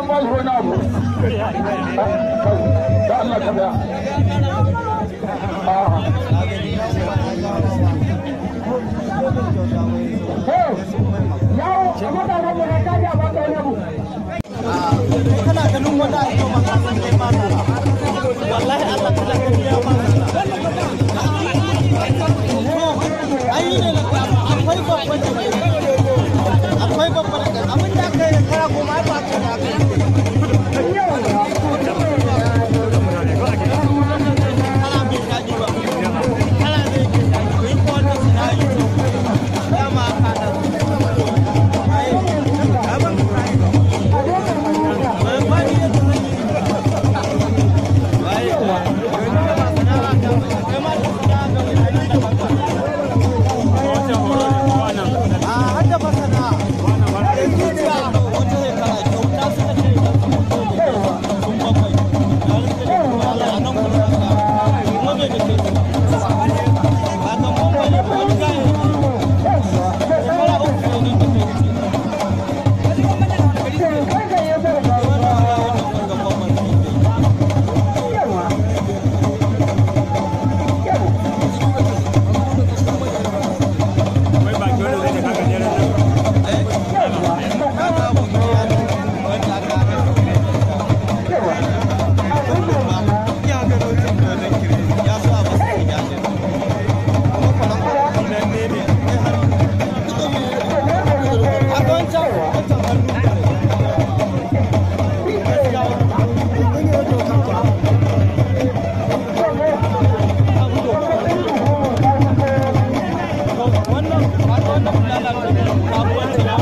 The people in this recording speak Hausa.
zan ba shi wani abu da Allah ka daya yawo a ganin wani abu ma ka san kai ma na ma 还叫我，还叫他来。你不要，